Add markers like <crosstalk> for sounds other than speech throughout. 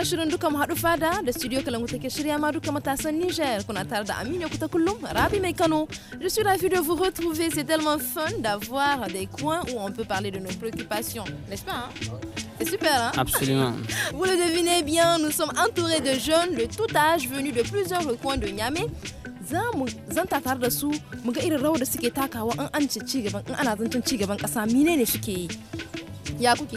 haka shirin duka mu haɗu fada da studio kalangu take shirya ma duka matasan Niger kuna tare da Aminu Kuta kullum Rabi Mai Kano. Je suis ravie de vous retrouver, c'est tellement fun d'avoir des coins où on peut parler de nos préoccupations, n'est-ce pas hein? C'est super, hein Absolument. <laughs> Vous le devinez bien, nous sommes entourés de jeunes de tout âge venus de plusieurs coins de Niamey. Zan, zan zanta da su mu ga irin rawar da suke takawa in an ci gaban in ana zancen ci gaban ƙasa menene suke yi ya kuke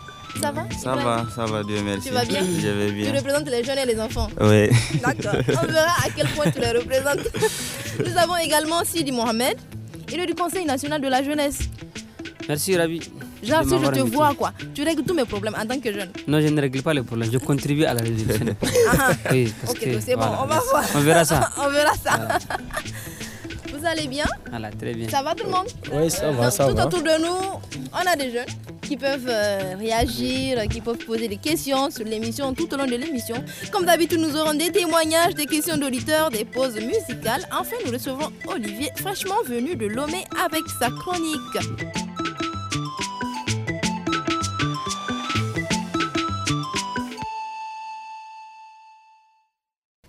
Ça va Ça va, ça va, Dieu merci. Tu vas bien Je vais bien. Tu représentes les jeunes et les enfants Oui. D'accord. On verra à quel point tu les représentes. <laughs> Nous avons également Sidi Mohamed. Il est du Conseil national de la jeunesse. Merci, Rabi. Genre, si je te vois, quoi, tu règles tous mes problèmes en tant que jeune. Non, je ne règle pas les problèmes, je contribue à la résolution ah, ah, oui, ok, c'est bon, on va voir. On verra ça. <laughs> on verra ça. <laughs> vous allez bien très bien. Ça va tout le monde Oui, ça va, tout autour de nous, on a des jeunes qui peuvent euh, réagir, qui peuvent poser des questions sur l'émission tout au long de l'émission. Comme d'habitude, nous aurons des témoignages, des questions d'auditeurs, des pauses musicales. Enfin, nous recevons Olivier, fraîchement venu de Lomé avec sa chronique.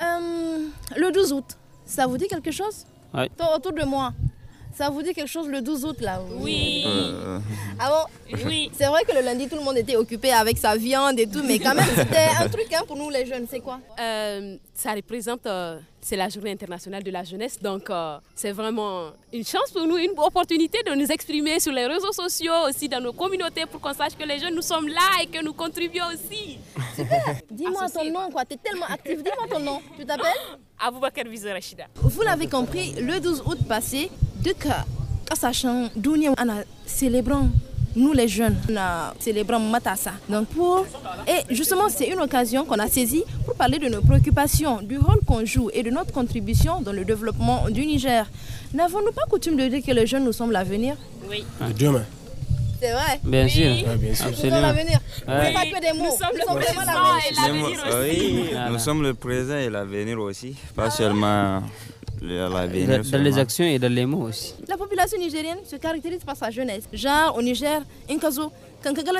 Euh, le 12 août, ça vous dit quelque chose Autour de moi. Ça vous dit quelque chose le 12 août là Oui. Euh. Ah bon Oui. C'est vrai que le lundi tout le monde était occupé avec sa viande et tout, mais quand même c'était un truc hein, pour nous les jeunes. C'est quoi euh, Ça représente, euh, c'est la journée internationale de la jeunesse, donc c'est vraiment une chance pour nous, une opportunité de nous exprimer sur les réseaux sociaux, aussi dans nos communautés pour qu'on sache que les jeunes nous sommes là et que nous contribuons aussi. <laughs> Dis-moi ton nom quoi, t'es tellement active, dis-moi ton nom. Tu t'appelles Aboubakar Rachida. Vous l'avez compris, le 12 août passé, duka kasashen duniya nous les jeunes, on célébrons Matassa. Donc pour et justement c'est une occasion qu'on a saisie pour parler de nos préoccupations, du rôle qu'on joue et de notre contribution dans le développement du Niger. N'avons-nous pas coutume de dire que les jeunes nous sommes l'avenir Oui. Ah, demain. C'est vrai. Bien sûr. Ah, nous sommes l'avenir. Nous sommes le présent et l'avenir aussi. nous sommes le présent et l'avenir aussi, pas ah. seulement dans ah, les actions et dans les mots aussi. La population nigérienne se caractérise par sa jeunesse. Genre au Niger, Vous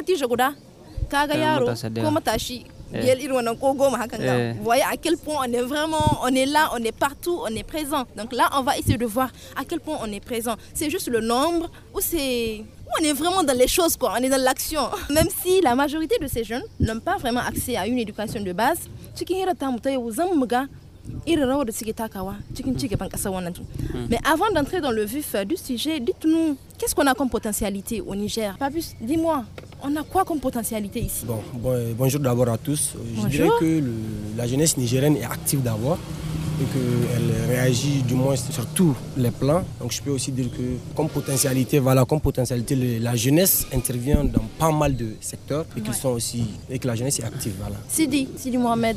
voyez à quel point on est vraiment, on est là, on est partout, on est présent. Donc là, on va essayer de voir à quel point on est présent. C'est juste le nombre ou c'est on est vraiment dans les choses, quoi. on est dans l'action. <laughs> Même si la majorité de ces jeunes n'ont pas vraiment accès à une éducation de base, Hmm. Mais avant d'entrer dans le vif euh, du sujet, dites-nous Qu'est-ce qu'on a comme potentialité au Niger Papus, dis-moi, on a quoi comme potentialité ici Bonjour d'abord à tous. Euh, je dirais que la jeunesse nigérienne est active d'abord et qu'elle réagit du moins sur tous les plans. Donc je peux aussi dire que comme potentialité, voilà, comme potentialité, la jeunesse intervient dans pas mal de secteurs et, sont aussi, et que la jeunesse est active. Voilà. Sidi, Sidi Mohamed,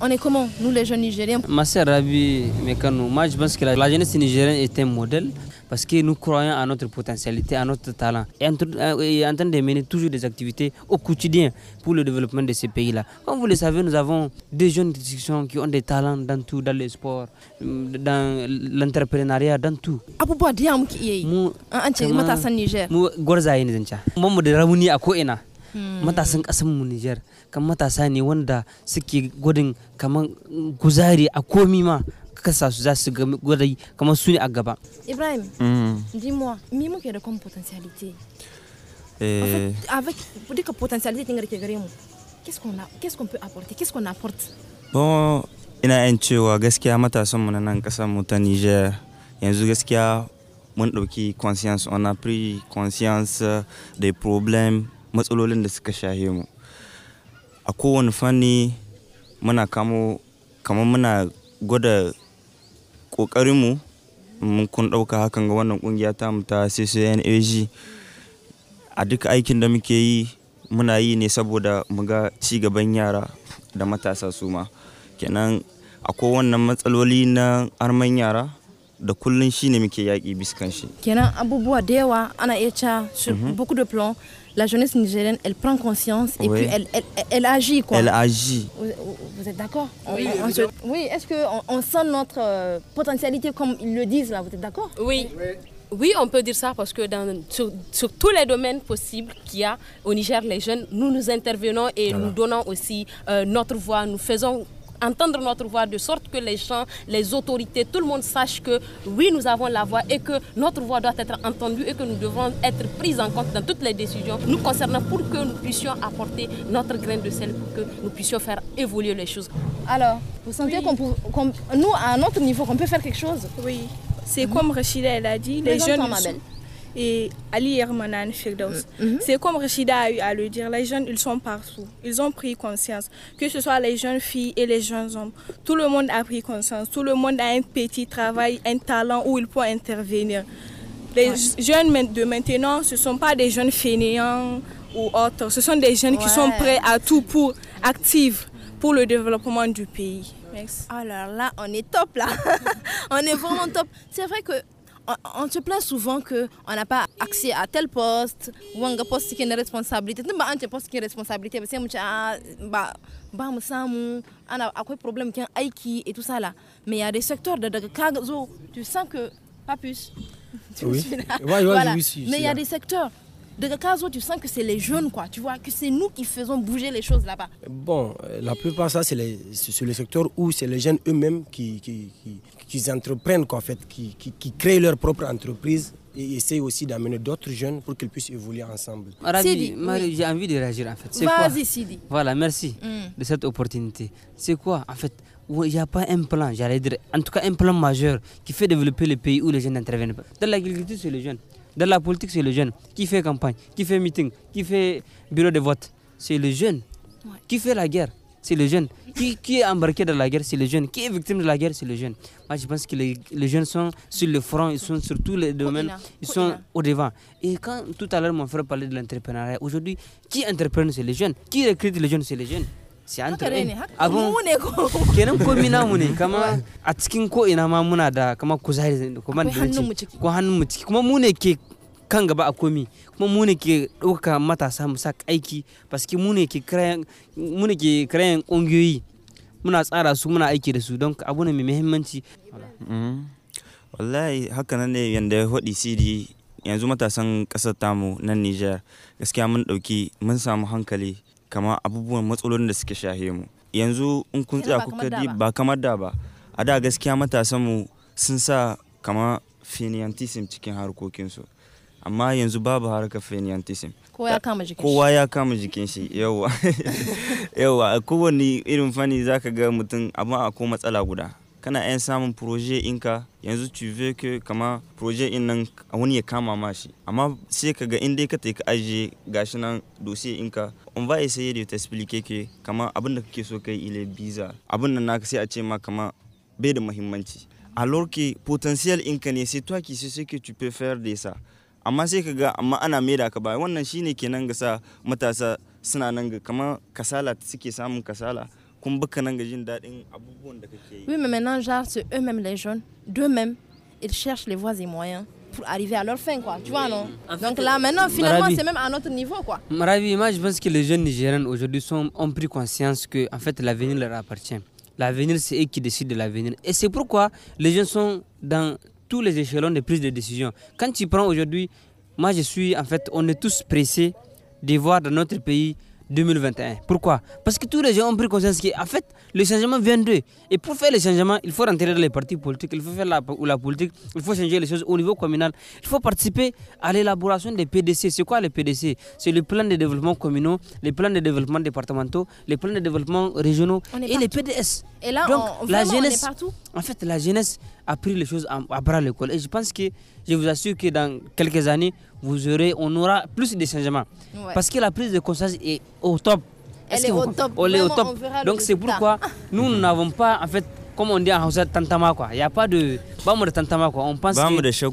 on est comment, nous les jeunes Nigériens Ma sœur Rabi Mekano, je pense que la jeunesse nigérienne est un modèle parce que nous croyons à notre potentialité, à notre talent. Euh, et en, train de mener toujours des activités au quotidien pour le développement de ces pays-là. Comme vous le savez, nous avons des jeunes qui ont des talents dans tout, dans le sport, mm, dans l'entrepreneuriat, dans tout. Ah, ah, matasan mu Niger kan matasa ne wanda suke gudun kaman guzari a komi ma kasa su za su gwada kamar su ne a gaba ibrahim mm. dimuwa mi muke da kuma potentiality eh. avec duka potentiality kin garke gare mu qu'est-ce qu'on peut apporter qu'est-ce qu'on apporte bon ina yan cewa gaskiya matasan mu na nan kasar mu ta Niger yanzu gaskiya mun dauki conscience on a pris conscience des problèmes matsalolin da suka shahe mu a kowane fanni muna kamo kamar muna gwada ƙoƙarinmu mun kun ɗauka hakan ga wannan ƙungiya ta mu ta CCNAG a duka aikin da muke yi muna yi ne saboda mu ga ci gaban yara da matasa su ma kenan akwai wannan matsaloli na arman yara da kullum ne muke yaƙi biskan shi kenan abubuwa da yawa ana iya ca buku mhm. de plan la jeunesse nigérienne, elle prend conscience et puis elle, agit. Quoi. Elle agit. Vous, êtes d'accord Oui, est-ce qu'on on sent notre euh, potentialité comme ils le disent là Vous êtes d'accord oui. oui. on peut dire ça parce que dans, sur, tous les domaines possibles qu'il y a au Niger, les jeunes, nous nous intervenons et nous donnons aussi euh, notre voix, nous faisons entendre notre voix de sorte que les gens, les autorités, tout le monde sache que oui, nous avons la voix et que notre voix doit être entendue et que nous devons être pris en compte dans toutes les décisions nous concernant pour que nous puissions apporter notre grain de sel pour que nous puissions faire évoluer les choses. Alors, vous sentez qu'on peut, nous, à notre niveau, qu'on peut faire quelque chose Oui. C'est comme Rachida, elle a dit, les, jeunes et Ali Hermanan euh, mhm. C'est comme Rachida a eu à le dire, les jeunes, ils sont partout. Ils ont pris conscience, que ce soit les jeunes filles et les jeunes hommes. Tout le monde a pris conscience, tout le monde a un petit travail, un talent où il peut intervenir. Les jeunes de maintenant, ce ne sont pas des jeunes fainéants ou autres, ce sont des jeunes qui sont prêts à tout pour, actifs pour le développement du pays. Alors là, on est top là. <laughs> on est vraiment top. C'est vrai que on, se plaint souvent qu'on n'a pas accès à tel poste, ou un poste qui est une responsabilité. Nous avons un poste qui est une responsabilité, parce que nous avons un problème qui est aiki et tout ça là. Mais il y a des secteurs de, tu sens que pas plus. <laughs> Oui. Mais il y a des secteurs de où tu sens que c'est les jeunes, quoi, tu vois, que c'est nous qui faisons bouger les choses là-bas. Bon, euh, la plupart, ça, c'est sur les secteurs où c'est les jeunes eux-mêmes qui, qui, qu'ils entreprennent, qu'en fait, qui, créent leur propre entreprise et essayent aussi d'amener d'autres jeunes pour qu'ils puissent évoluer ensemble. Sidi, j'ai envie de réagir en fait. Vas-y Sidi. Voilà, merci mm. de cette opportunité. C'est quoi en fait il n'y a pas un plan, j'allais dire, en tout cas un plan majeur qui fait développer le pays où les jeunes n'interviennent pas. Dans l'agriculture, c'est les jeunes. Dans la politique, c'est les jeunes. Qui fait campagne, qui fait meeting, qui fait bureau de vote, c'est les jeunes. Qui fait la guerre, c'est les jeunes. Qui, est embarqué dans la guerre, c'est les jeunes. Qui est victime de la guerre, c'est les jeunes. Moi, je pense que les, jeunes sont sur le front, ils sont sur tous les domaines, ils sont au devant. Et quand tout à l'heure mon frère parlait de l'entrepreneuriat, aujourd'hui, qui entreprend, c'est les jeunes. Qui recrute les jeunes, c'est les jeunes. C'est kan gaba a komi kuma mu ne ke ɗauka matasa mu sa aiki paske mu ne ke kirayen ƙungiyoyi muna tsara su muna aiki da su don abu ne mai muhimmanci mhm. wallahi haka nan ne yadda ya haɗi cd yanzu matasan ƙasar tamu nan niger gaskiya mun ɗauki mun samu hankali kama abubuwan matsalolin da suke shahe mu yanzu in kun tsaya kuka di ba kamar da ba a da gaskiya matasan mu sun sa kama finiyantisim cikin harkokinsu amma yanzu babu harkar feniyantisim kowa ya kama jikin kowa ya kama jikin shi yawa <laughs> yawa a kowane irin fani zaka ga mutum amma ko matsala guda kana yan samun proje ka yanzu tuve ke kama proje in nan wani ya kama ma shi amma sai ka ga inda ka taika ajiye gashi nan dosiye inka on va essayer de t'expliquer que kama abin da kake so kai ile biza abin nan naka sai a ce ma kama bai da muhimmanci alorki que in inka ne sai tuwa qui sai ce que tu peux faire de ça amma sai amma ana wannan shine ga sa matasa suna nan ga kamar kasala suke samun kasala nan ga jin abubuwan da kake yi oui mais maintenant genre c'est eux-mêmes les jeunes d'eux-mêmes ils cherchent les voies et moyens pour arriver à leur fin, quoi. Tu vois, non Donc là, maintenant, finalement, c'est même à notre niveau, quoi. Maravi, moi, je pense que les jeunes Nigériens aujourd'hui ont pris conscience que, en fait, l'avenir leur appartient. L'avenir, c'est eux qui décident de l'avenir. Et c'est pourquoi les jeunes sont dans les échelons de prise de décision. Quand tu prends aujourd'hui, moi je suis en fait, on est tous pressés de voir dans notre pays 2021. Pourquoi Parce que tous les gens ont pris conscience qu'en fait, le changement vient d'eux. Et pour faire le changement, il faut rentrer dans les partis politiques, il faut faire la, la politique, il faut changer les choses au niveau communal. Il faut participer à l'élaboration des PDC. C'est quoi les PDC C'est les plans de développement communaux, les plans de développement départementaux, les plans de développement régionaux et les PDS. Et là, Donc, on, la jeunesse, est partout En fait, la jeunesse a pris les choses à, à bras le col. Et je pense que, je vous assure que dans quelques années, vous aurez, on aura plus de changements. Parce que la prise de conscience est au top. Elle est, au top. Donc c'est pourquoi nous n'avons pas, en fait, comme on dit en Hausa, tantama quoi. Il n'y a pas de. bam de tantama quoi. On pense que. de de Je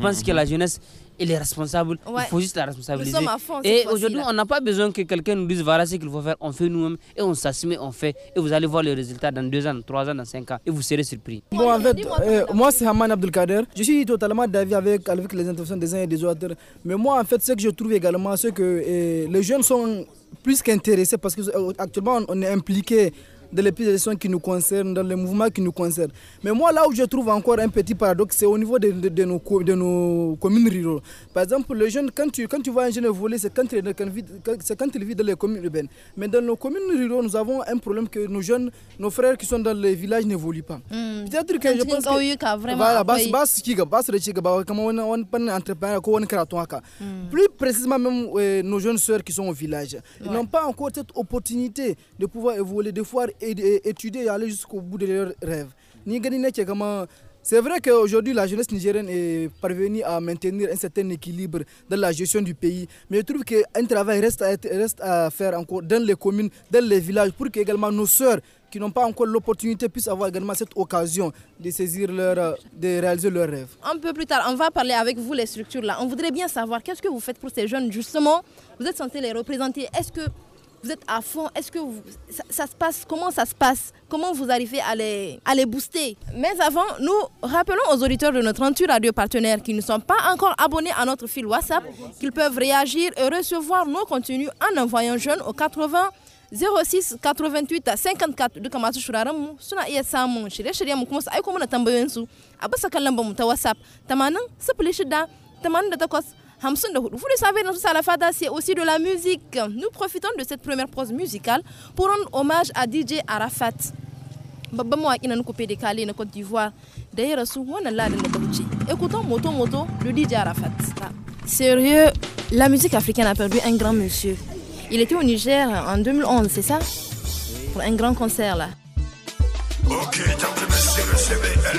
pense mhm, que mhm, la mhm. jeunesse il est responsable. Il faut juste la responsabiliser. et aujourd'hui, on n'a pas besoin que quelqu'un nous dise voilà ce qu'il faut faire. On fait nous-mêmes et on s'assume, on fait. Et vous allez voir les résultats dans deux ans, trois ans, dans cinq ans. Et vous serez surpris. Euh, moi, c'est Haman Abdelkader. Je suis totalement d'avis avec, les interventions des uns et des autres. Mais moi, en fait, ce que je trouve également, c'est que euh, les jeunes sont plus qu'intéressés parce qu'actuellement, euh, on est impliqué dans les qui nous concernent, dans les mouvements qui nous concernent. Mais moi, là où je trouve encore un petit paradoxe, c'est au niveau de, de, nos, de nos communes rurales. Par exemple, les jeunes, quand tu, quand tu vois un jeune voler, c'est quand, quand il vit dans les communes urbaines. Mais dans nos communes rurales, nous avons un problème que nos jeunes, nos frères qui sont dans les villages n'évoluent pas. Hmm. Peut-être que je pense que... Plus précisément, même euh, nos jeunes soeurs qui sont au village, ils n'ont pas encore cette opportunité de pouvoir évoluer, de pouvoir étudier et aller jusqu'au bout de leurs rêves. C'est vrai qu'aujourd'hui, la jeunesse nigérienne est parvenue à maintenir un certain équilibre dans la gestion du pays, mais je trouve qu'un travail reste à, reste à faire encore dans les communes, dans les villages, pour que également nos sœurs qui n'ont pas encore l'opportunité puissent avoir également cette occasion de saisir leur, de réaliser leurs rêves. Un peu plus tard, on va parler avec vous les structures là. On voudrait bien savoir qu'est-ce que vous faites pour ces jeunes justement. Vous êtes censé les représenter. Est-ce que vous êtes à fond. Est-ce que ça, se passe Comment ça se passe Comment vous arrivez à les, booster Mais avant, nous rappelons aux auditeurs de notre antenne radio partenaires qui ne sont pas encore abonnés à notre fil WhatsApp qu'ils peuvent réagir et recevoir nos contenus en envoyant jeune au 80 06 88 54 de suna vous le savez, dans Salafada, c'est aussi de la musique. Nous profitons de cette première prose musicale pour rendre hommage à DJ Arafat. Côte d'Ivoire Écoutons Moto Moto le DJ Arafat. Ah. Sérieux, la musique africaine a perdu un grand monsieur. Il était au Niger en 2011, c'est ça Pour un grand concert là. Ok, le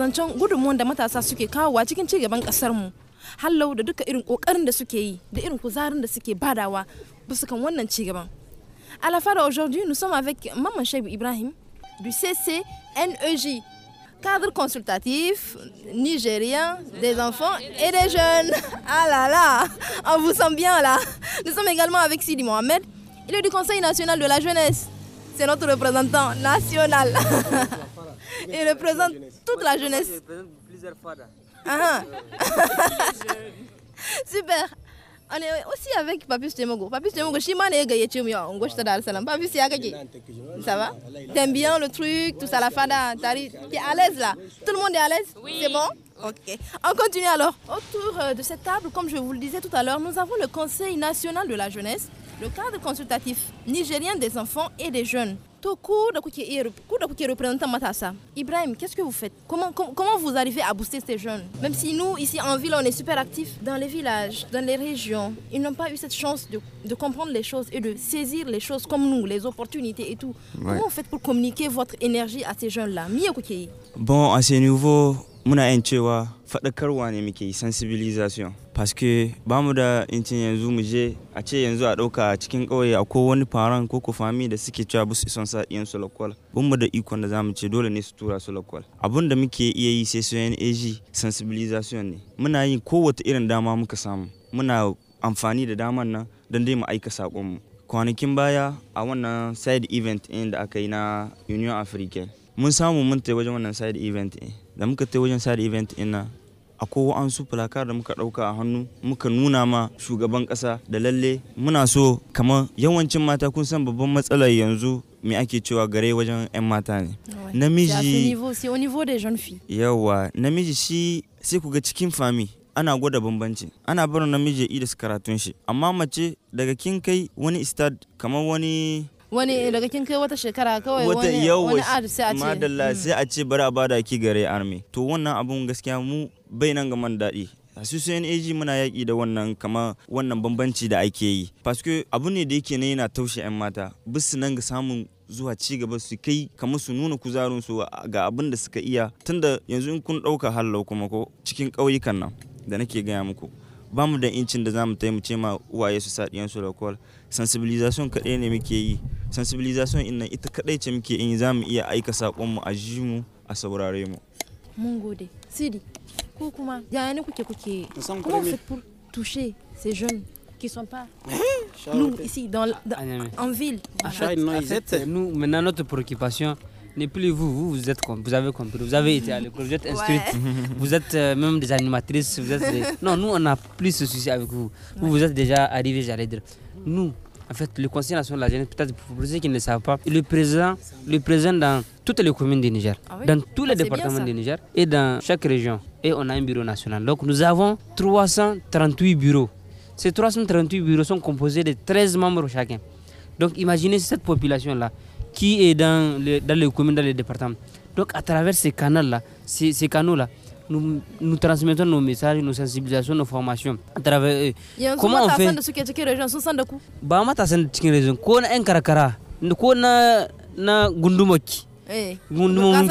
À la fin aujourd'hui nous sommes avec Maman Cheikh Ibrahim du CCNEJ, cadre consultatif nigérien des enfants et des jeunes. <laughs> Ah là là, on vous sent bien là. Nous sommes également avec Sidi Mohamed, il est du Conseil national de la jeunesse. C'est notre représentant national. <laughs> Il représente toute la jeunesse. Il représente plusieurs fois. Ah. <laughs> Super. On est aussi avec Papus Temogo. Papus Temogo, Shimane et Gayetium, on gauche de Salam. Papus Ça va T'aimes bien le truc, tout ça, la fada. T'es à l'aise là Tout le monde est à l'aise Oui. C'est bon Ok. On continue alors. Autour euh, de cette table, comme je vous le disais tout à l'heure, nous avons le Conseil national de la jeunesse, le cadre consultatif nigérien des enfants et des jeunes. Tout Ibrahim, qu'est-ce que vous faites comment, comment vous arrivez à booster ces jeunes Même si nous ici en ville on est super actifs dans les villages, dans les régions, ils n'ont pas eu cette chance de, comprendre les choses et de saisir les choses comme nous, les opportunités et tout. Comment vous faites pour communiquer votre énergie à ces jeunes là Bon, à ce muna yin cewa faɗakarwa ne muke yi sensibilization paske ba mu da intin yanzu mu je a ce yanzu a ɗauka a cikin ƙauye a ko wani faran ko ko fami da suke cewa busu son sa iyan su mu da ikon da za mu ce dole ne su tura su abun abin da muke iya yi sai soyan ag sensibilization ne muna yi kowace irin dama muka samu muna amfani da daman nan don dai mu aika mu. kwanakin baya a wannan side event ɗin da aka yi na union africa. mun samu mun wajen wannan side event ɗin da muka tai wajen sada event in ina akwai wa'ansu fulakar da muka ɗauka a hannu muka nuna ma shugaban kasa da lalle muna so kamar yawancin mata kun san babban matsalar yanzu me ake cewa gare wajen 'yan mata ne namiji yawa namiji shi sai ku ga cikin fami ana gwada bambanci ana barin namiji ya idis karatun shi amma mace daga kin kai wani istad kamar wani wani eh. daga kin kai wata shekara kawai wani wani ad sai a ce bari hmm. a ce bada ki gare army to wannan abun gaskiya mu bai nan ga man daɗi asusun AG muna yaƙi da wannan kama wannan bambanci da ake yi paske abu ne da yake ne yana taushe 'yan mata bisu nan ga samun zuwa ci gaba su kai kama su nuna kuzarin su ga abin da suka iya tunda yanzu in kun ɗauka hallau kuma ko cikin ƙauyukan nan da nake gaya muku bamu da incin da za mu taimace ma uwaye su sa ɗiyansu da kwal sensibilisation kaɗai ne muke sensibilisation ina ita kaɗai ce muke yi a a mu sidi ko kuma kuke kuke pour toucher ces jeunes qui sont pas <laughs> nous ici dans, en ville nous maintenant notre préoccupation n'est plus vous, vous, vous êtes vous avez compris, vous avez été à l'école, vous êtes <laughs> vous êtes euh, même des animatrices, <laughs> Non, nous on a plus ce souci avec vous. Vous, êtes déjà nous, en fait, le Conseil national de la jeunesse, peut-être pour ceux qui ne le savent pas, le présent, le présent dans toutes les communes du Niger, ah dans tous les ah, départements du Niger et dans chaque région. Et on a un bureau national. Donc nous avons 338 bureaux. Ces 338 bureaux sont composés de 13 membres chacun. Donc imaginez cette population-là qui est dans les, communes, dans les départements. Donc à travers ces canaux-là, ces canaux-là, nous, nous transmettons nos messages, nos sensibilisations, nos formations à travers eux. Comment on fait Ba matasan da cikin region ko na 'yan karkara ko na na gundumaki. Gundumomi.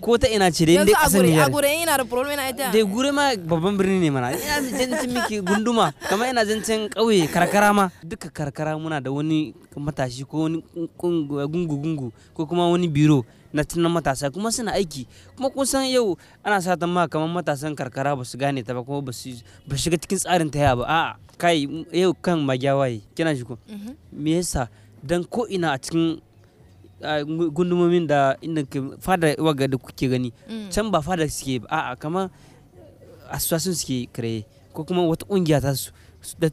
Ko ta ina ce dai inda kasar Nijar. A gure ina da problem ina ita. Dai gure ma babban birni ne mana. Ina zancen miki gunduma kamar ina zancen ƙauye karkara ma. Duka karkara muna da wani matashi ko wani gungu-gungu ko kuma wani biro. na tunan matasa kuma suna aiki kuma kun san yau ana sata ma kamar matasan karkara ba su gane ta ba kuma ba shiga cikin tsarin ta ba a kai yau kan magyawaye kina shi ko mhm. me yasa dan ko ina a cikin gundumomin da inda fada waga da kuke gani mm. can ba fada suke ba a'a kamar asusasun suke kare ko kuma wata kungiya ta su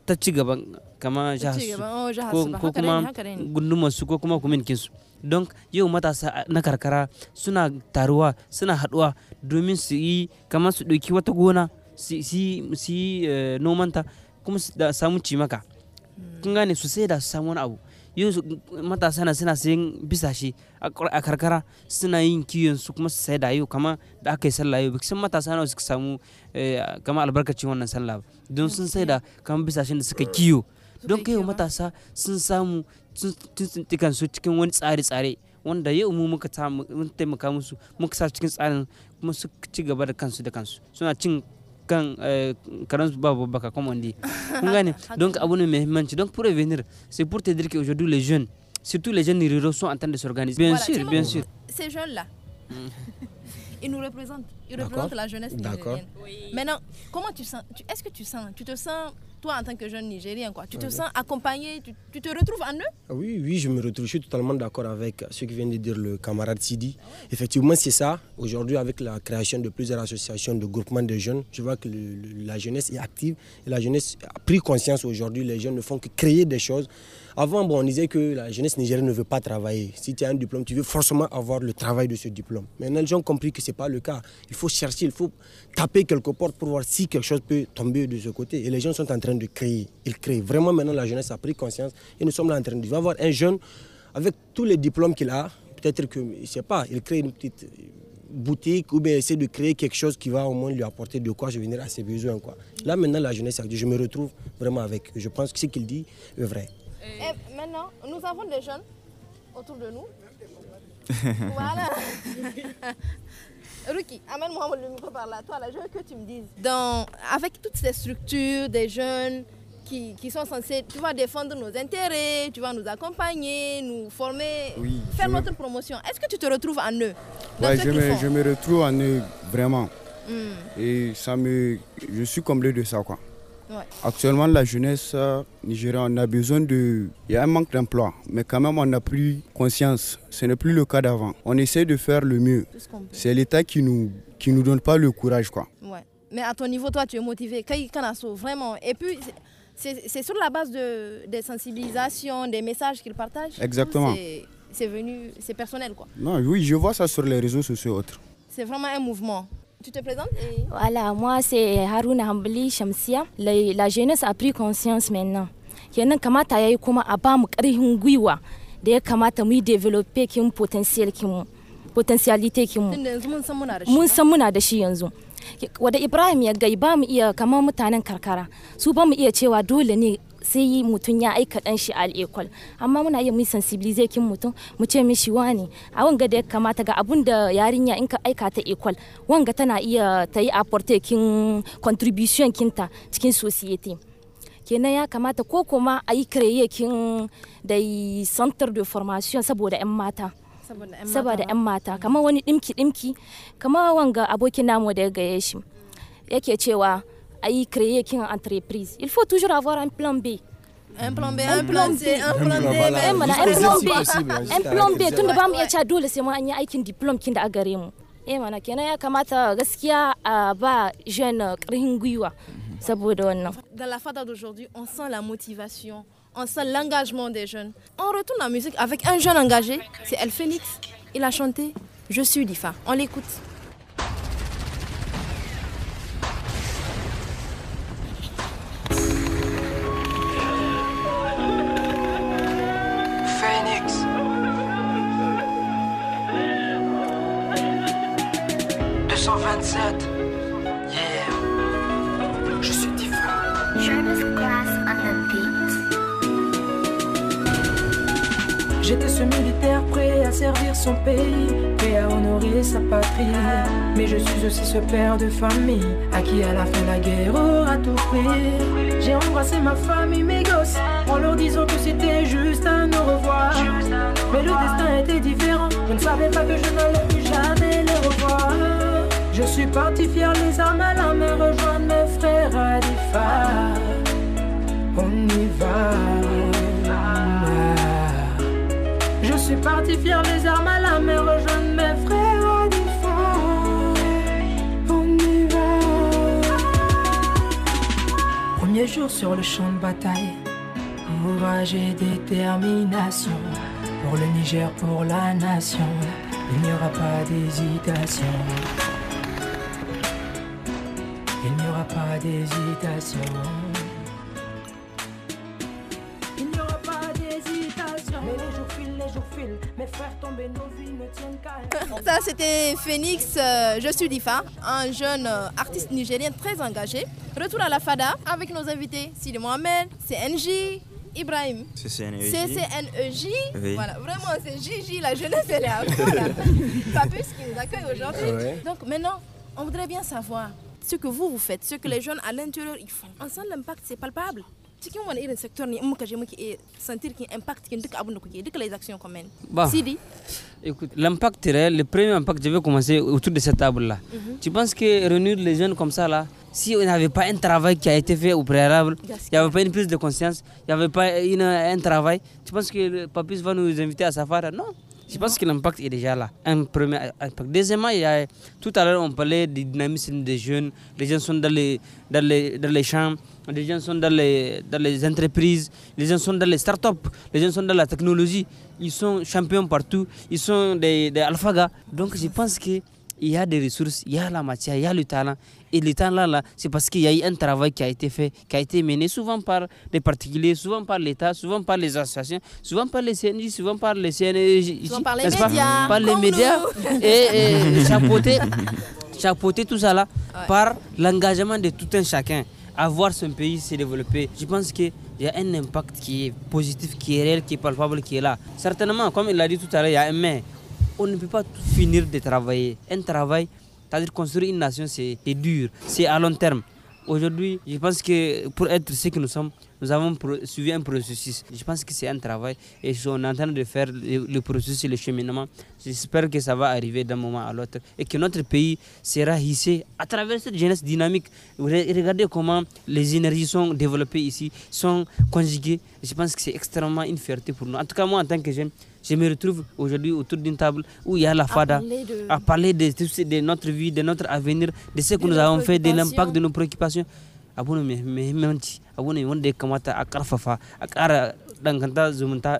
ta ci gaban kama jihar oh, su ko kuma Gunduma su ko kuma kin su don yau matasa na karkara suna taruwa suna haduwa domin su yi kama su ɗauki wata gona su yi eh, nomanta kuma su samu cimaka hmm. kun gane su sai da su samu wani abu yau matasa na suna sayan bisashe a karkara suna yin kiwon su kuma su sai da yau kama da aka yi sallah yau bikin matasa na suka samu eh, kama albarkacin wannan sallah don sun sai da kama bisashen da suka kiyo don kai matasa sun samu sun su cikin wani tsare-tsare wanda yau mu muka taimaka musu muka sa cikin tsarin kuma su ci gaba da kansu da kansu suna cin kan eh, karan su babu baka kuma wanda kun gane <laughs> don abu ne muhimmanci don pour revenir c'est pour te dire que aujourd'hui les jeunes surtout les jeunes ruraux sont en train de s'organiser bien sûr bien sûr ces jeunes là <laughs> ils nous représentent ils représentent la jeunesse D'accord. maintenant comment tu sens est-ce que tu sens tu te sens toi en tant que jeune Nigérien, quoi, tu te sens accompagné, tu, te retrouves en eux ah Oui, oui, je me retrouve, je suis totalement d'accord avec ce que vient de dire le camarade Sidi. Ah Effectivement, c'est ça. Aujourd'hui, avec la création de plusieurs associations, de groupements de jeunes, je vois que la jeunesse est active et la jeunesse a pris conscience aujourd'hui. Les jeunes ne font que créer des choses. Avant, bon, on disait que la jeunesse nigérienne ne veut pas travailler. Si tu as un diplôme, tu veux forcément avoir le travail de ce diplôme. Maintenant, les gens ont compris que ce n'est pas le cas. Il faut chercher, il faut taper quelques portes pour voir si quelque chose peut tomber de ce côté. Et les gens sont en de créer. Il crée. Vraiment, maintenant, la jeunesse a pris conscience et nous sommes là en train de. voir un jeune avec tous les diplômes qu'il a. Peut-être que, je sais pas, il crée une petite boutique ou bien essaie de créer quelque chose qui va au moins lui apporter de quoi je venir à ses besoins. Quoi. Là, maintenant, la jeunesse, a je me retrouve vraiment avec Je pense que ce qu'il dit est vrai. Et maintenant, nous avons des jeunes autour de nous. <laughs> voilà. <laughs> Ruki, amène-moi micro par là. Toi, je veux que tu me dises. Dans, avec toutes ces structures des jeunes qui, sont censés, tu vas défendre nos intérêts, tu vas nous accompagner, nous former, faire notre promotion. Est-ce que tu te retrouves en eux Oui, je, me, retrouve en eux, vraiment. Hmm. Et ça me, je suis comblé de ça, quoi. Actuellement, la jeunesse euh, nigérienne, on a besoin de... Il y a un manque d'emploi, mais quand même, on n'a plus conscience. Ce n'est plus le cas d'avant. On essaie de faire le mieux. C'est l'État qui ne nous, qui nous donne pas le courage. Quoi. Mais à ton niveau, toi, tu es motivé. Vraiment. Et puis... C'est sur la base de, des sensibilisations, des messages qu'ils partagent. Exactement. C'est venu, c'est personnel quoi. Non, oui, je vois ça sur les réseaux sociaux autres. C'est vraiment un mouvement. Tu te présentes et... Voilà, moi c'est Haruna Hambali Shamsia. La, la, jeunesse a pris conscience maintenant. Kenan kamata yayi kuma a ba mu ƙarfin gwiwa da ya kamata mu yi develop kin potential kin potentiality kin mu. Mun san muna da shi yanzu. Wada Ibrahim ya gai ba mu iya kamar mutanen karkara su ba mu iya cewa dole ne sai mutum ya aika dan shi al equal amma muna iya mu sensibilize kin mutum mu ce mishi wani a wanga da ya kamata ga abun da yarinya in ka aika ta equal wanga tana iya ta yi apporte kin contribution kinta cikin society kenan ya kamata ko kuma a yi kreye kin da center de formation saboda 'yan mata saboda 'yan mata kamar wani dimki dimki kamar wanga abokin namu da ya gaya shi yake cewa à y créer une entreprise. Il faut toujours avoir un plan B. Un plan B, un, plan, C, un plan D, ben, un plan B. Un plan B, Tout le monde mu iya cewa dole qui mu an yi a gare eh, mana kenan ya kamata gaskiya ba jeune Dans la fada d'aujourd'hui, on sent la motivation, on sent l'engagement des jeunes. On retourne la musique avec un jeune engagé, c'est El Il a chanté Je suis l'IFA ». On l'écoute. Phoenix. « 227 J'étais ce militaire prêt à servir son pays, prêt à honorer sa patrie. Mais je suis aussi ce père de famille, à qui à la fin la guerre aura tout pris. J'ai embrassé ma femme et mes gosses, en leur disant que c'était juste un au revoir. Mais le destin était différent, je ne savais pas que je n'allais plus jamais les revoir. Je suis parti fier les armes à la main, rejoindre mes frères à des On y va. suis parti faire les armes à la mer, rejoindre mes frères On y va. Premier jour sur le champ de bataille, courage et détermination. Pour le Niger, pour la nation, il n'y aura pas d'hésitation. Il n'y aura pas d'hésitation. <laughs> Ça, c'était Phoenix, euh, je suis Difa, un jeune euh, artiste nigérien très engagé. Retour à la FADA avec nos invités, Sidi Mohamed, CNJ, Ibrahim. CCNEJ. CCNEJ. Voilà, vraiment, c'est Gigi, la jeunesse, elle est à pas là. <laughs> qui nous accueille aujourd'hui. Donc maintenant, on voudrait bien savoir ce que vous, vous faites, ce que les jeunes à l'intérieur, ils font. Ensemble, l'impact, c'est palpable tu irin secteur un secteur, je sentir impact les actions qu'on mène bah. l'impact réel le premier impact je vais commencer autour de cette table là mhm. tu penses que réunir les jeunes comme ça là si on n'avait pas un travail qui a été fait au préalable il n'y avait pas une prise de conscience il n'y avait pas un travail tu penses que le va nous inviter à sa non je pense que l'impact est déjà là. Un premier impact. Deuxièmement, tout à l'heure, on parlait du dynamisme des jeunes. Les gens sont dans les, champs, les gens sont dans les, entreprises, les gens sont dans les startups, les gens sont dans la technologie. Ils sont champions partout, ils sont des, des alphagas. Donc, je pense que il y a des ressources, il y a la matière, il y a le talent. Et le talent là, c'est parce qu'il y a eu un travail qui a été fait, qui a été mené souvent par des particuliers, souvent par l'État, souvent par les associations, souvent par les CNJ, souvent par les CNJ, souvent par les médias, par les médias et, et <laughs> tout ça là par l'engagement de tout un chacun à voir son pays se développer. Je pense que il y a un impact qui est positif, qui est réel, qui est palpable, qui est là. Certainement, comme il l'a dit tout à l'heure, il y a un mais on ne peut pas finir de travailler. Un travail, c'est-à-dire construire une nation, c'est dur, c'est à long terme. Aujourd'hui, je pense que pour être ce que nous sommes, nous avons suivi un processus. Je pense que c'est un travail et on est en train de faire le, processus et le cheminement. J'espère que ça va arriver d'un moment à l'autre et que notre pays sera hissé à travers cette jeunesse dynamique. Regardez comment les énergies sont développées ici, sont conjuguées. Je pense que c'est extrêmement une fierté pour nous. En tout cas, moi, en tant que jeune, je me retrouve aujourd'hui autour d'une table où il y a la FADA de... à parler de, de, notre vie, de notre avenir, de ce que nous avons fait, de l'impact de nos préoccupations. abun muhimmanci abu ne wanda ya kamata a karfafa a ƙara danganta zumunta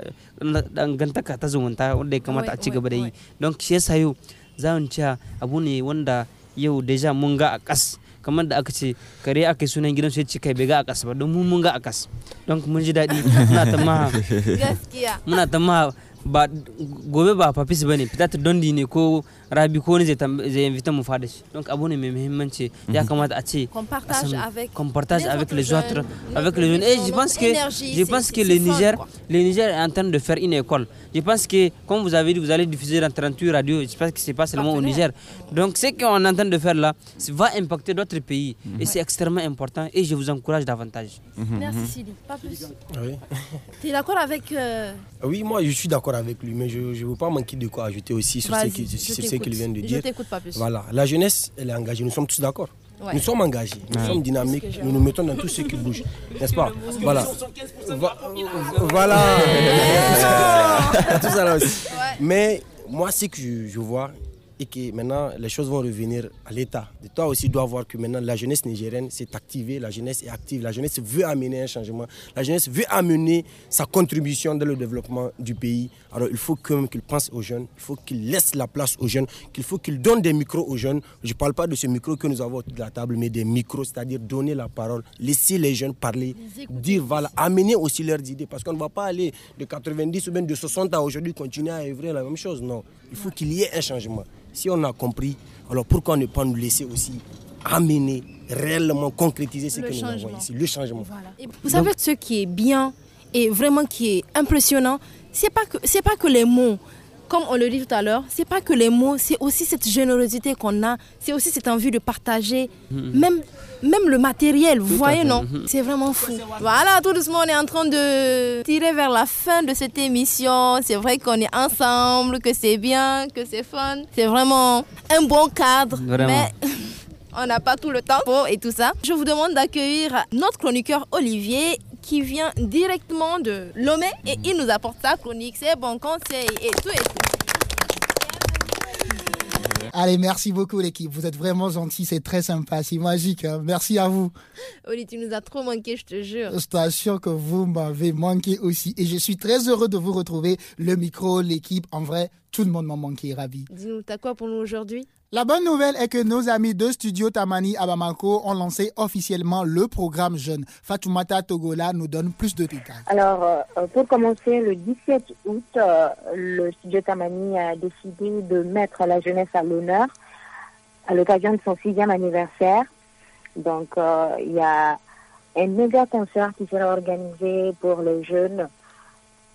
dangantaka ta zumunta wanda ya kamata ci gaba dai donc don shi yasa yau za mu ci abu ne wanda yau deja mun ga akas kamar da aka ce kare aka yi sunan gidan su ya kai bai ga akas ba don mun mun ga akas donc mun ji dadi muna ta maha muna ta maha partage avec les autres avec les jeunes eh, je pense que je pense que le Niger le Niger est en train de faire une école je pense que comme vous avez dit vous allez diffuser dans 38 radios je pense que c'est pas seulement au Niger donc ce qu'on est en train de faire là va impacter d'autres pays mhm. et c'est extrêmement important et je vous encourage davantage mhm, mhm. merci Sidi pas oui. tu es d'accord avec euh, oui moi je suis d'accord avec lui, mais je ne veux pas manquer de quoi ajouter aussi sur ce qu'il vient de dire. Je pas plus. Voilà, la jeunesse, elle est engagée, nous sommes tous d'accord. Nous sommes engagés, nous sommes dynamiques, nous nous mettons dans tout ce qui bouge, n'est-ce pas Voilà. voilà. Mais moi, ce que je vois, et que maintenant les choses vont revenir à l'État. toi aussi dois voir que maintenant la jeunesse nigérienne s'est activée, la jeunesse est active, la jeunesse veut amener un changement, la jeunesse veut amener sa contribution dans le développement du pays. Alors il faut même qu'il pense aux jeunes, il faut qu'il laisse la place aux jeunes, qu'il faut qu'il donne des micros aux jeunes. Je ne parle pas de ce micro que nous avons autour de la table, mais des micros, c'est-à-dire donner la parole, laisser les jeunes parler, dire voilà, amener aussi leurs idées, parce qu'on ne va pas aller de 90 ou même de 60 à aujourd'hui continuer à œuvrer la même chose, non. Il faut qu'il y ait un changement. Si on a compris, alors pourquoi ne pas nous laisser aussi amener, réellement concrétiser ce que nous avons ici, le changement. vous savez ce qui est bien et vraiment qui est impressionnant, c'est pas que c'est pas que les mots, comme on le dit tout à l'heure, c'est pas que les mots, c'est aussi cette générosité qu'on a, c'est aussi cette envie de partager, mm-hmm. même, même le matériel, vous voyez, non mm-hmm. C'est vraiment fou. Voilà, tout doucement, on est en train de tirer vers la fin de cette émission. C'est vrai qu'on est ensemble, que c'est bien, que c'est fun. C'est vraiment un bon cadre. Mais <laughs> on n'a pas tout le temps pour et tout ça. Je vous demande d'accueillir notre chroniqueur Olivier qui vient directement de Lomé et il nous apporte sa chronique, ses bons conseils et tout Allez, merci beaucoup l'équipe, vous êtes vraiment gentils, c'est très sympa, c'est magique, hein. merci à vous. Oli, tu nous as trop manqué, je te jure. Je t'assure que vous m'avez manqué aussi et je suis très heureux de vous retrouver, le micro, l'équipe, en vrai, tout le monde m'a manqué, ravi. Dis-nous, t'as quoi pour nous aujourd'hui la bonne nouvelle est que nos amis de Studio Tamani à Bamako ont lancé officiellement le programme Jeune. Fatoumata Togola nous donne plus de détails. Alors, euh, pour commencer, le 17 août, euh, le Studio Tamani a décidé de mettre la jeunesse à l'honneur à l'occasion de son sixième anniversaire. Donc, euh, il y a un méga concert qui sera organisé pour les jeunes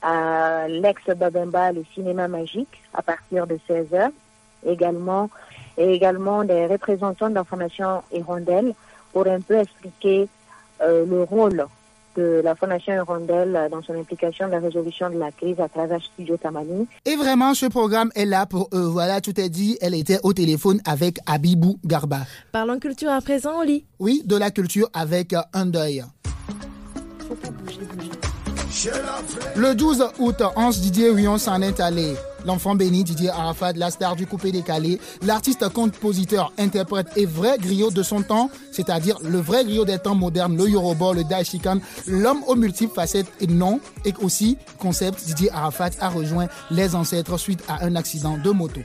à l'ex-Babemba, le cinéma magique, à partir de 16h. Également, et également des représentants de la Fondation hirondelle pour un peu expliquer euh, le rôle de la Fondation Hirondelle dans son implication de la résolution de la crise à travers Studio Tamani. Et vraiment, ce programme est là pour eux. Voilà, tout est dit. Elle était au téléphone avec Abibou Garba. Parlons culture à présent, Oli. Oui, de la culture avec un deuil. Le 12 août, 11, Didier Rion s'en est allé. L'enfant béni Didier Arafat, la star du coupé décalé, l'artiste compositeur, interprète et vrai griot de son temps, c'est-à-dire le vrai griot des temps modernes, le Yoruba, le Daishikan, l'homme aux multiples facettes et noms, et aussi concept, Didier Arafat a rejoint les ancêtres suite à un accident de moto.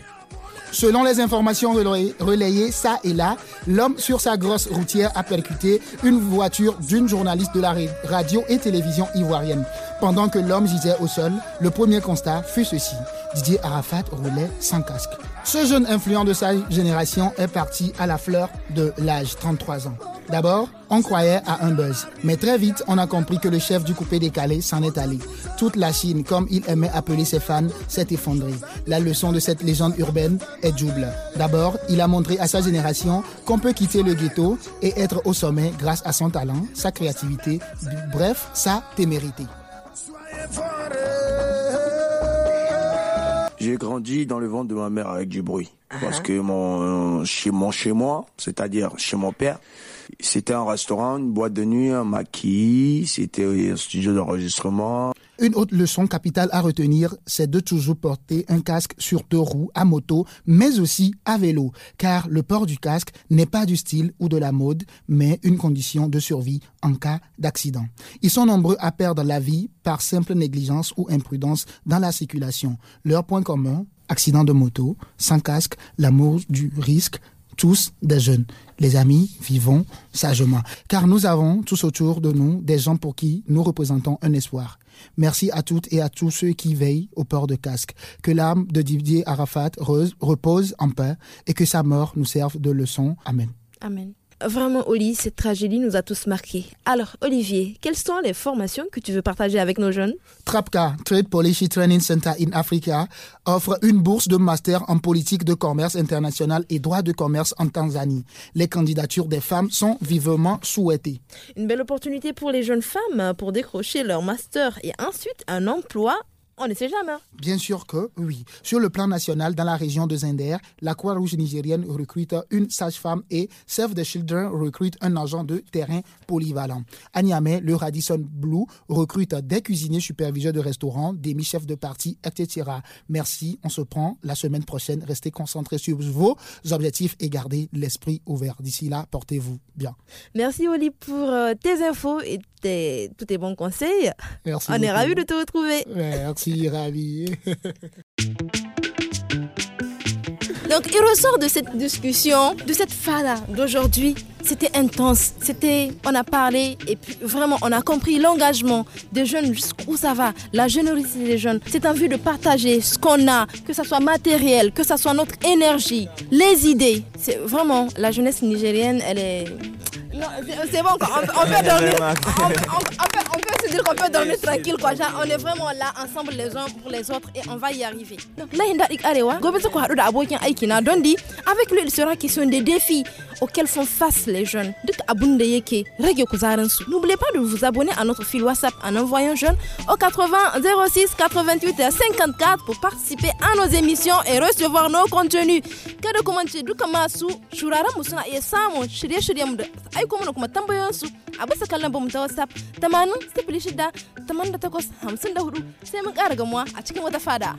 Selon les informations relayées ça et là, l'homme sur sa grosse routière a percuté une voiture d'une journaliste de la radio et télévision ivoirienne. Pendant que l'homme gisait au sol, le premier constat fut ceci. Didier Arafat roulait sans casque. Ce jeune influent de sa génération est parti à la fleur de l'âge, 33 ans. D'abord, on croyait à un buzz, mais très vite, on a compris que le chef du coupé décalé s'en est allé. Toute la Chine, comme il aimait appeler ses fans, s'est effondrée. La leçon de cette légende urbaine est double. D'abord, il a montré à sa génération qu'on peut quitter le ghetto et être au sommet grâce à son talent, sa créativité, bref, sa témérité. J'ai grandi dans le ventre de ma mère avec du bruit. Ah Parce ah. que mon, euh, chez, mon chez moi, c'est-à-dire chez mon père, c'était un restaurant, une boîte de nuit, un maquis, c'était un studio d'enregistrement. Une autre leçon capitale à retenir, c'est de toujours porter un casque sur deux roues, à moto, mais aussi à vélo, car le port du casque n'est pas du style ou de la mode, mais une condition de survie en cas d'accident. Ils sont nombreux à perdre la vie par simple négligence ou imprudence dans la circulation. Leur point commun, accident de moto, sans casque, l'amour du risque, tous des jeunes. Les amis, vivons sagement, car nous avons tous autour de nous des gens pour qui nous représentons un espoir. Merci à toutes et à tous ceux qui veillent au port de casque. Que l'âme de Didier Arafat repose en paix et que sa mort nous serve de leçon. Amen. Amen. Vraiment, Oli, cette tragédie nous a tous marqués. Alors, Olivier, quelles sont les formations que tu veux partager avec nos jeunes Trapka, Trade Policy Training Center in Africa, offre une bourse de master en politique de commerce international et droit de commerce en Tanzanie. Les candidatures des femmes sont vivement souhaitées. Une belle opportunité pour les jeunes femmes pour décrocher leur master et ensuite un emploi on ne sait jamais. Bien sûr que oui. Sur le plan national, dans la région de Zinder, la Croix-Rouge nigérienne recrute une sage-femme et Save the Children recrute un agent de terrain polyvalent. À Niamey, le Radisson Blue recrute des cuisiniers superviseurs de restaurants, des mi-chefs de parti, etc. Merci, on se prend la semaine prochaine. Restez concentrés sur vos objectifs et gardez l'esprit ouvert. D'ici là, portez-vous bien. Merci Oli pour euh, tes infos et tes, tous tes bons conseils. Merci on est ravis de te retrouver. Merci ravi. <laughs> Donc, il ressort de cette discussion, de cette fala d'aujourd'hui. C'était intense. C'était, on a parlé et puis vraiment, on a compris l'engagement des jeunes jusqu'où ça va, la générosité des jeunes, c'est en vue de partager ce qu'on a, que ça soit matériel, que ça soit notre énergie, les idées. C'est vraiment la jeunesse nigérienne, elle est non, c'est bon, On, peut dormir. On, on, peut, on, peut, se dire qu'on peut dormir tranquille, quoi. Genre, on est vraiment là, ensemble les uns pour les autres, et on va y arriver. Donc, là, avec lui, il sera question des défis auxquels font face les jeunes. N'oubliez pas de vous abonner à notre fil WhatsApp en envoyant jeune au 80 06 88 54 pour participer à nos émissions et recevoir nos contenus. Kada de commenter du aiko mana kuma tambayoyinsu a bisa kallon bamu ta WhatsApp 80 sifili shida 88 54 sai mun kara gamuwa a cikin wata fada.